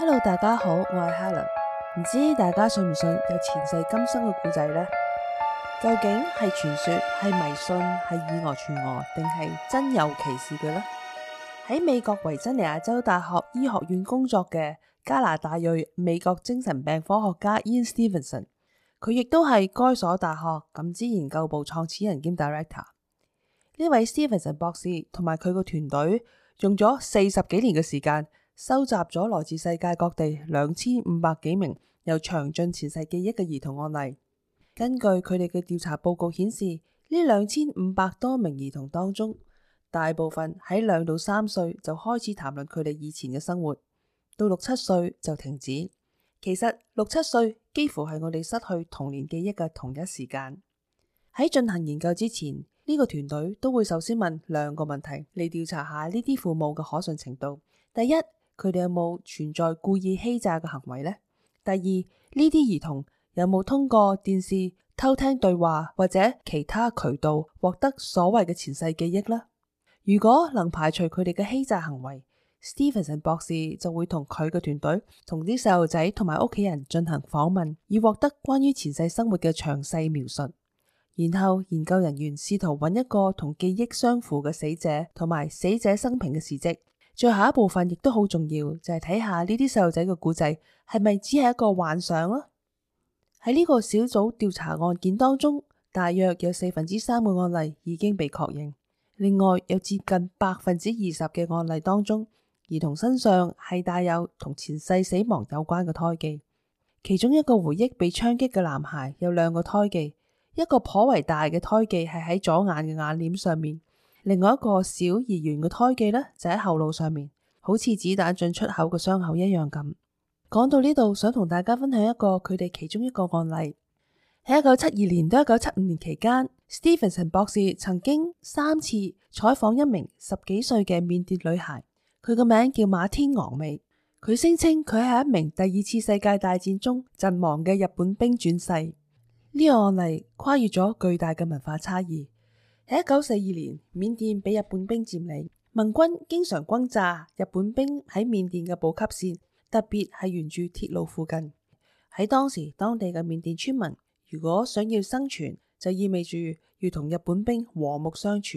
Hello，大家好，我係 Helen，唔知大家信唔信有前世今生嘅故仔呢？究竟係傳說、係迷信、係以訛傳訛，定係真有其事嘅呢？喺美國維珍尼亞州大學醫學院工作嘅加拿大裔美國精神病科學家 Ian Stevenson，佢亦都係該所大學感知研究部創始人兼 director。呢位 Stevenson 博士同埋佢個團隊用咗四十幾年嘅時間。收集咗來自世界各地兩千五百幾名有詳盡前世記憶嘅兒童案例。根據佢哋嘅調查報告顯示，呢兩千五百多名兒童當中，大部分喺兩到三歲就開始談論佢哋以前嘅生活，到六七歲就停止。其實六七歲幾乎係我哋失去童年記憶嘅同一時間。喺進行研究之前，呢個團隊都會首先問兩個問題，嚟調查下呢啲父母嘅可信程度。第一，佢哋有冇存在故意欺詐嘅行為呢？第二，呢啲兒童有冇通過電視偷聽對話或者其他渠道獲得所謂嘅前世記憶呢？如果能排除佢哋嘅欺詐行為，Stevenson 博士就會同佢嘅團隊同啲細路仔同埋屋企人進行訪問，以獲得關於前世生活嘅詳細描述。然後研究人員試圖揾一個同記憶相符嘅死者同埋死者生平嘅事跡。最後一部分亦都好重要，就係睇下呢啲細路仔嘅古仔係咪只係一個幻想咯。喺呢個小組調查案件當中，大約有四分之三嘅案例已經被確認，另外有接近百分之二十嘅案例當中，兒童身上係帶有同前世死亡有關嘅胎記。其中一個回憶被槍擊嘅男孩有兩個胎記，一個頗為大嘅胎記係喺左眼嘅眼簾上面。另外一個小而圓嘅胎記呢，就喺後腦上面，好似子彈進出口嘅傷口一樣咁。講到呢度，想同大家分享一個佢哋其中一個案例。喺一九七二年到一九七五年期間，Stevenson 博士曾經三次採訪一名十幾歲嘅緬甸女孩，佢個名叫馬天昂美，佢聲稱佢係一名第二次世界大戰中陣亡嘅日本兵轉世。呢、這個案例跨越咗巨大嘅文化差異。喺一九四二年，緬甸俾日本兵佔領，盟軍經常轟炸日本兵喺緬甸嘅補給線，特別係沿住鐵路附近。喺當時，當地嘅緬甸村民如果想要生存，就意味住要同日本兵和睦相處。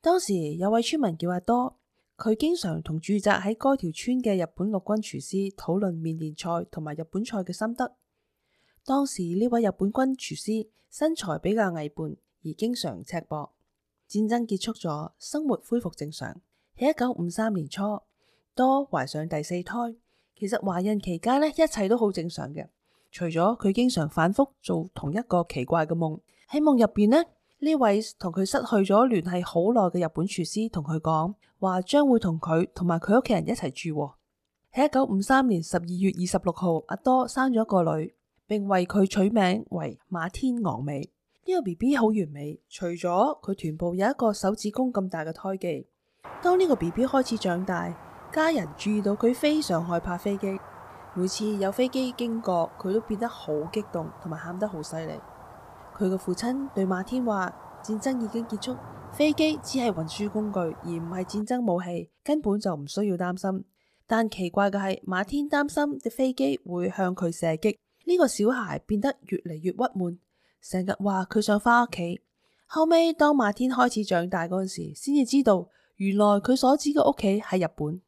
當時有位村民叫阿多，佢經常同駐紮喺該條村嘅日本陸軍廚師討論緬甸菜同埋日本菜嘅心得。當時呢位日本軍廚師身材比較矮胖，而經常赤膊。戰爭結束咗，生活恢復正常。喺一九五三年初，多懷上第四胎。其實懷孕期間呢，一切都好正常嘅，除咗佢經常反覆做同一個奇怪嘅夢，喺夢入邊呢，呢位同佢失去咗聯繫好耐嘅日本廚師同佢講話，將會同佢同埋佢屋企人一齊住。喺一九五三年十二月二十六號，阿多生咗一個女，並為佢取名為馬天昂美。呢個 B B 好完美，除咗佢臀部有一個手指公咁大嘅胎記。當呢個 B B 開始長大，家人注意到佢非常害怕飛機，每次有飛機經過，佢都變得好激動，同埋喊得好犀利。佢嘅父親對馬天話：戰爭已經結束，飛機只係運輸工具，而唔係戰爭武器，根本就唔需要擔心。但奇怪嘅係，馬天擔心隻飛機會向佢射擊。呢個小孩變得越嚟越鬱悶。成日話佢想翻屋企，後尾當馬天開始長大嗰陣時，先至知道原來佢所指嘅屋企係日本。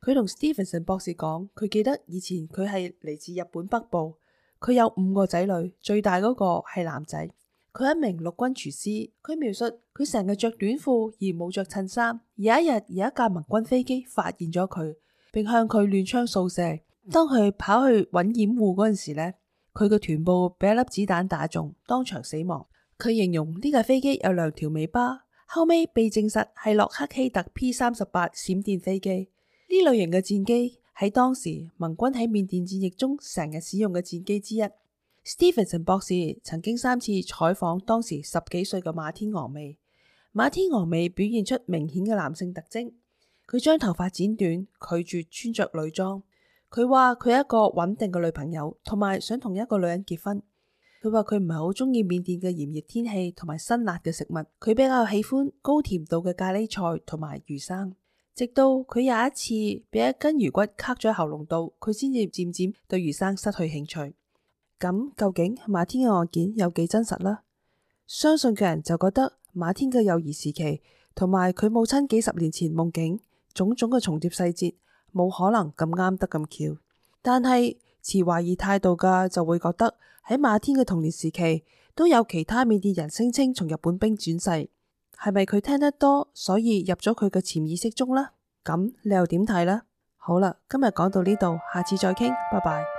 佢同 Stevenson 博士講，佢記得以前佢係嚟自日本北部，佢有五個仔女，最大嗰個係男仔，佢係一名陸軍廚師。佢描述佢成日着短褲而冇着襯衫，有一日有一架盟軍飛機發現咗佢，並向佢亂槍掃射。當佢跑去揾掩護嗰陣時咧。佢嘅臀部被一粒子彈打中，當場死亡。佢形容呢架飛機有兩條尾巴，後尾被證實係洛克希特 P 三十八閃電飛機。呢類型嘅戰機喺當時盟軍喺緬甸戰役中成日使用嘅戰機之一。Stevenson 博士曾經三次採訪當時十幾歲嘅馬天昂美，馬天昂美表現出明顯嘅男性特徵，佢將頭髮剪短，拒絕穿着女裝。佢話佢係一個穩定嘅女朋友，同埋想同一個女人結婚。佢話佢唔係好鍾意緬甸嘅炎熱天氣同埋辛辣嘅食物，佢比較喜歡高甜度嘅咖喱菜同埋魚生。直到佢有一次俾一根魚骨卡咗喉嚨度，佢先至漸漸對魚生失去興趣。咁究竟馬天嘅案件有幾真實呢？相信嘅人就覺得馬天嘅幼兒時期同埋佢母親幾十年前夢境種種嘅重疊細節。冇可能咁啱得咁巧，但係持懷疑態度嘅就會覺得喺馬天嘅童年時期都有其他緬甸人聲稱從日本兵轉世，係咪佢聽得多所以入咗佢嘅潛意識中呢？咁你又點睇呢？好啦，今日講到呢度，下次再傾，拜拜。